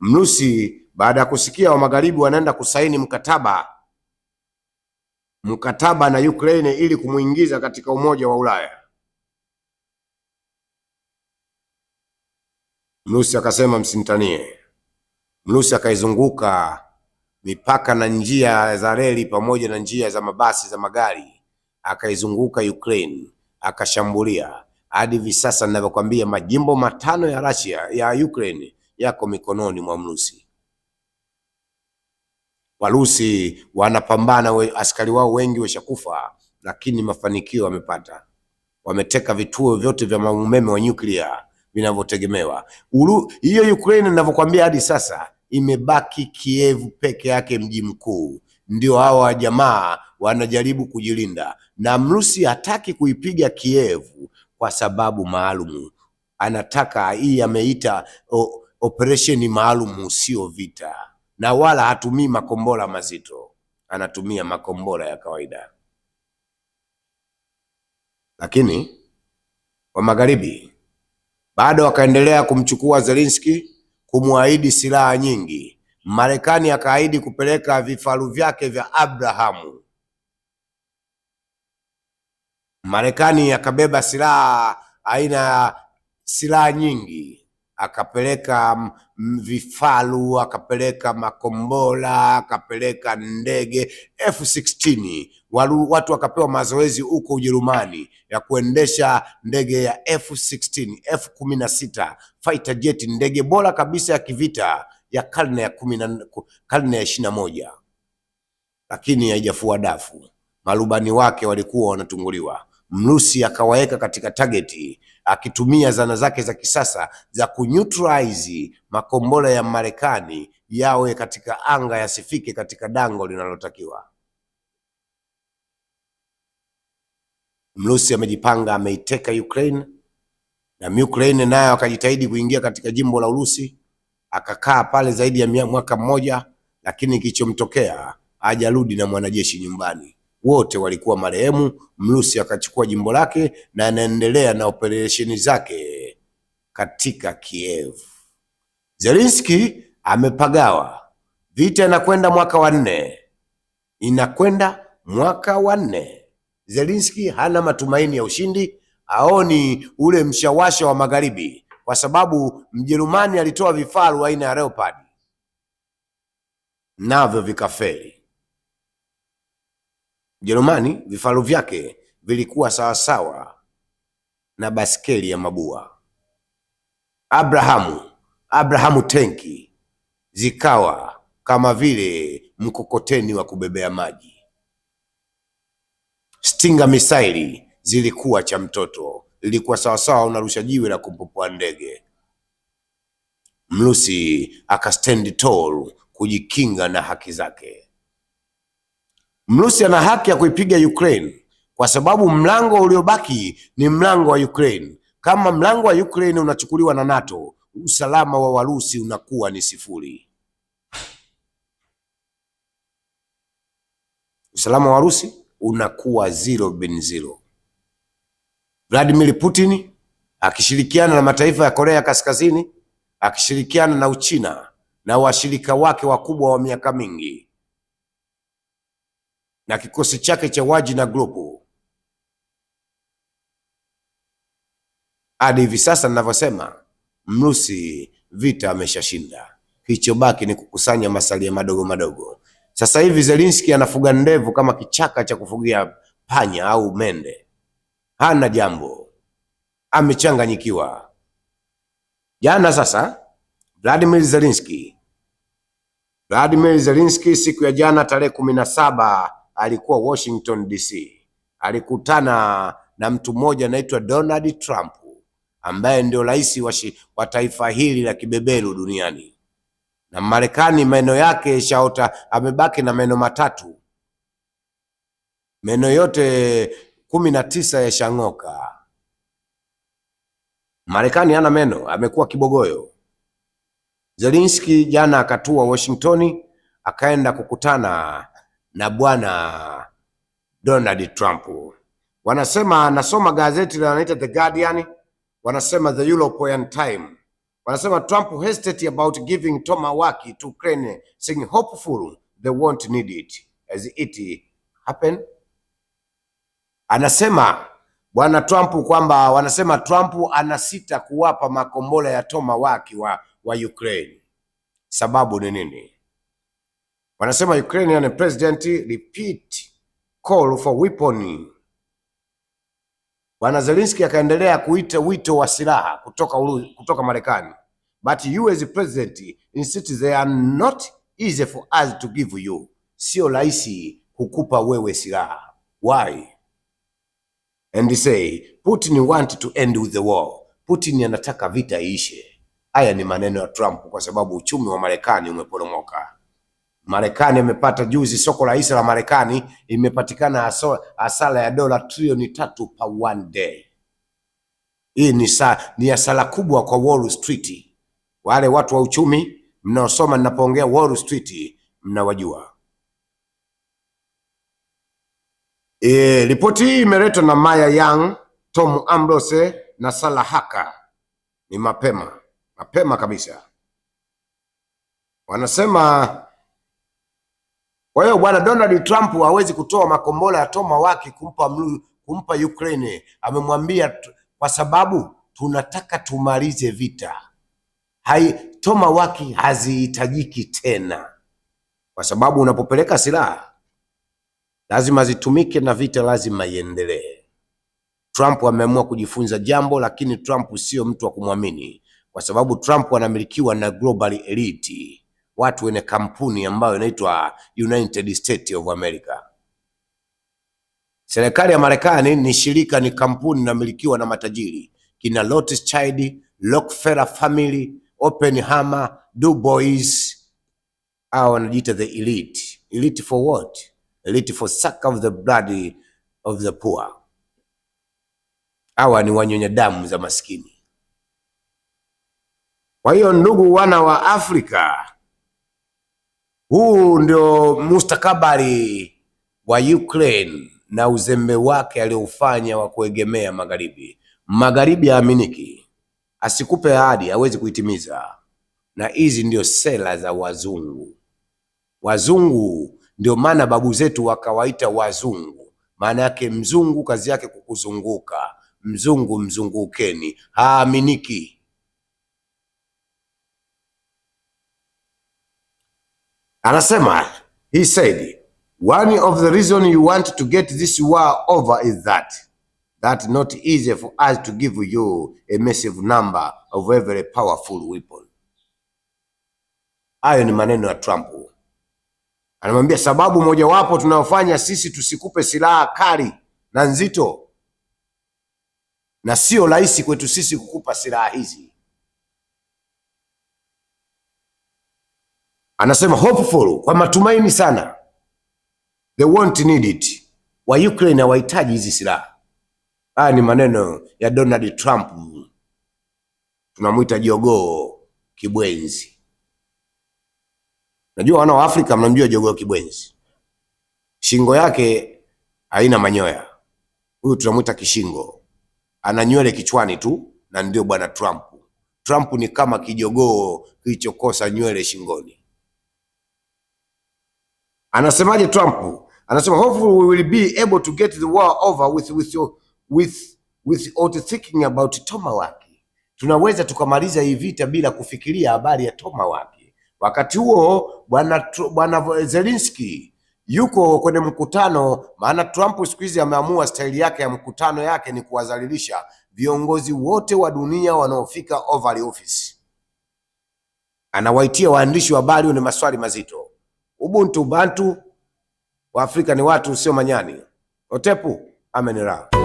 Mrusi baada ya kusikia wa magharibi wanaenda kusaini mkataba mkataba na Ukraine ili kumuingiza katika umoja wa Ulaya, Mrusi akasema msinitanie. Mrusi akaizunguka mipaka na njia za reli pamoja na njia za mabasi za magari, akaizunguka Ukraine akashambulia hadi hivi sasa ninavyokwambia, majimbo matano ya Russia, ya Ukraine yako mikononi mwa mrusi. Warusi wanapambana we, askari wao wengi weshakufa, lakini mafanikio wamepata. Wameteka vituo vyote vya umeme wa nyuklia vinavyotegemewa. Hiyo Ukraine Ninavyokuambia hadi sasa imebaki Kiev peke yake, mji mkuu. Ndio hawa jamaa wanajaribu kujilinda, na mrusi hataki kuipiga Kiev kwa sababu maalumu. Anataka hii ameita oh, operesheni maalum, sio vita, na wala hatumii makombora mazito, anatumia makombora ya kawaida. Lakini wa magharibi bado wakaendelea kumchukua Zelensky, kumwahidi silaha nyingi. Marekani akaahidi kupeleka vifaru vyake vya Abrahamu. Marekani akabeba silaha aina ya silaha nyingi akapeleka vifaru, akapeleka makombora, akapeleka ndege F16. Walu, watu wakapewa mazoezi huko Ujerumani ya kuendesha ndege ya F16, F16 fighter jet, ndege bora kabisa ya kivita ya karne ya karne ya ishirini na moja, lakini haijafua dafu. Marubani wake walikuwa wanatunguliwa. Mrusi akawaweka katika tageti akitumia zana zake za kisasa za kuneutralize makombora ya Marekani yawe katika anga yasifike katika dango linalotakiwa. Mrusi amejipanga, ameiteka Ukraine na Ukraine nayo akajitahidi kuingia katika jimbo la Urusi, akakaa pale zaidi ya mwaka mmoja, lakini kilichomtokea hajarudi na mwanajeshi nyumbani wote walikuwa marehemu. Mrusi akachukua jimbo lake na anaendelea na operesheni zake katika Kiev. Zelensky amepagawa, vita inakwenda mwaka wa nne, inakwenda mwaka wa nne. Zelensky hana matumaini ya ushindi, aoni ule mshawasha wa magharibi, kwa sababu Mjerumani alitoa vifaru aina ya Leopard navyo vikafeli. Jerumani vifaru vyake vilikuwa sawasawa na baskeli ya mabua. Abrahamu Abrahamu tenki zikawa kama vile mkokoteni wa kubebea maji. Stinga misaili zilikuwa cha mtoto, ilikuwa sawasawa unarusha jiwe la kupupua ndege. Mrusi akastand tall kujikinga na haki zake. Mrusi ana haki ya kuipiga Ukraine kwa sababu mlango uliobaki ni mlango wa Ukraine. Kama mlango wa Ukraine unachukuliwa na NATO, usalama wa Warusi unakuwa ni sifuri. Usalama wa Warusi unakuwa zero bin zero. Vladimir Putin akishirikiana na mataifa ya Korea Kaskazini, akishirikiana na Uchina na washirika wake wakubwa wa miaka mingi na kikosi chake cha waji na grupu hadi hivi sasa ninavyosema, mrusi vita ameshashinda, baki ni kukusanya masalia madogo madogo. Sasa hivi Zelensky anafuga ndevu kama kichaka cha kufugia panya au mende, hana jambo, amechanganyikiwa. Jana sasa Vladimir Zelensky Vladimir Zelensky siku ya jana tarehe kumi na saba alikuwa Washington DC, alikutana na mtu mmoja anaitwa Donald Trump ambaye ndio rais wa taifa hili la kibeberu duniani. Na Marekani meno yake shaota, amebaki na meno matatu, meno yote kumi na tisa yashang'oka. Marekani hana meno, amekuwa kibogoyo. Zelensky jana akatua Washingtoni, akaenda kukutana na bwana Donald Trump. Wanasema nasoma gazeti linaloitwa The Guardian, wanasema the European Time, wanasema Trump hesitate about giving tomawaki to Ukraine, saying hopeful they won't need it as it happen. Anasema bwana Trump kwamba wanasema Trump anasita kuwapa makombora ya tomawaki wa, wa Ukraine. Sababu ni nini? Wanasema Ukrainian president repeat call for weapon. Bwana Zelensky akaendelea kuita wito wa silaha kutoka, kutoka Marekani. But you as president insists they are not easy for us to give you. Sio rahisi kukupa wewe silaha. Why? And say Putin want to end with the war. Putin anataka vita iishe. Haya ni maneno ya Trump kwa sababu uchumi wa Marekani umeporomoka. Marekani amepata juzi, soko la hisa la Marekani imepatikana hasara ya dola trilioni tatu pa one day. Hii ni hasara kubwa kwa Wall Street. Wale watu wa uchumi mnaosoma, ninapoongea Wall Street mnawajua. E, ripoti hii imeletwa na Maya Young, Tom Ambrose na Sala Haka. Ni mapema mapema kabisa, wanasema kwa hiyo bwana Donald Trump hawezi kutoa makombora ya Tomahawk kumpa mlu, kumpa Ukraine. Amemwambia kwa sababu tunataka tumalize vita. Hai, Tomahawk hazihitajiki tena, kwa sababu unapopeleka silaha lazima zitumike na vita lazima iendelee. Trump ameamua kujifunza jambo, lakini Trump sio mtu wa kumwamini, kwa sababu Trump anamilikiwa na global elite watu wenye kampuni ambayo inaitwa United States of America. Serikali ya Marekani ni shirika, ni kampuni inamilikiwa na matajiri kina Rothschild, Rockefeller family, Oppenheimer, Du Bois au wanajiita the elite. Elite for what? Elite for suck of the blood of the poor. Hawa ni wanyonya damu za maskini. Kwa hiyo ndugu, wana wa Afrika, huu ndio mustakabali wa Ukraine na uzembe wake aliofanya wa kuegemea magharibi. Magharibi haaminiki, asikupe ahadi hawezi kuitimiza, na hizi ndio sera za wazungu. Wazungu ndio maana babu zetu wakawaita wazungu, maana yake mzungu kazi yake kukuzunguka, mzungu mzungukeni, haaminiki. anasema he said one of the reason you want to get this war over is that that not easy for us to give you a massive number of every powerful weapon. Hayo ni maneno ya Trump. Anamwambia sababu mojawapo tunayofanya sisi tusikupe silaha kali na nzito, na sio rahisi kwetu sisi kukupa silaha hizi anasema hopeful, kwa matumaini sana, they won't need it, wa Ukraine hawahitaji hizi silaha. Haya ni maneno ya Donald Trump, tunamwita jogoo kibwenzi. Najua wana wa Afrika mnamjua jogoo kibwenzi, shingo yake haina manyoya. Huyu tunamwita kishingo, ana nywele kichwani tu, na ndio bwana Trump. Trump ni kama kijogoo kilichokosa nywele shingoni. Anasemaje Trump? Anasema hopefully we will be able to get the war over with, with, with, without thinking about Tomahawk. Tunaweza tukamaliza hii vita bila kufikiria habari ya Tomahawk. Wakati huo bwana bwana Zelensky yuko kwenye mkutano, maana Trump siku hizi ameamua staili yake ya mkutano yake ni kuwadhalilisha viongozi wote wa dunia wanaofika Oval Office. Anawaitia waandishi wa habari ni maswali mazito. Ubuntu, bantu wa Afrika ni watu, sio manyani. Otepu amenira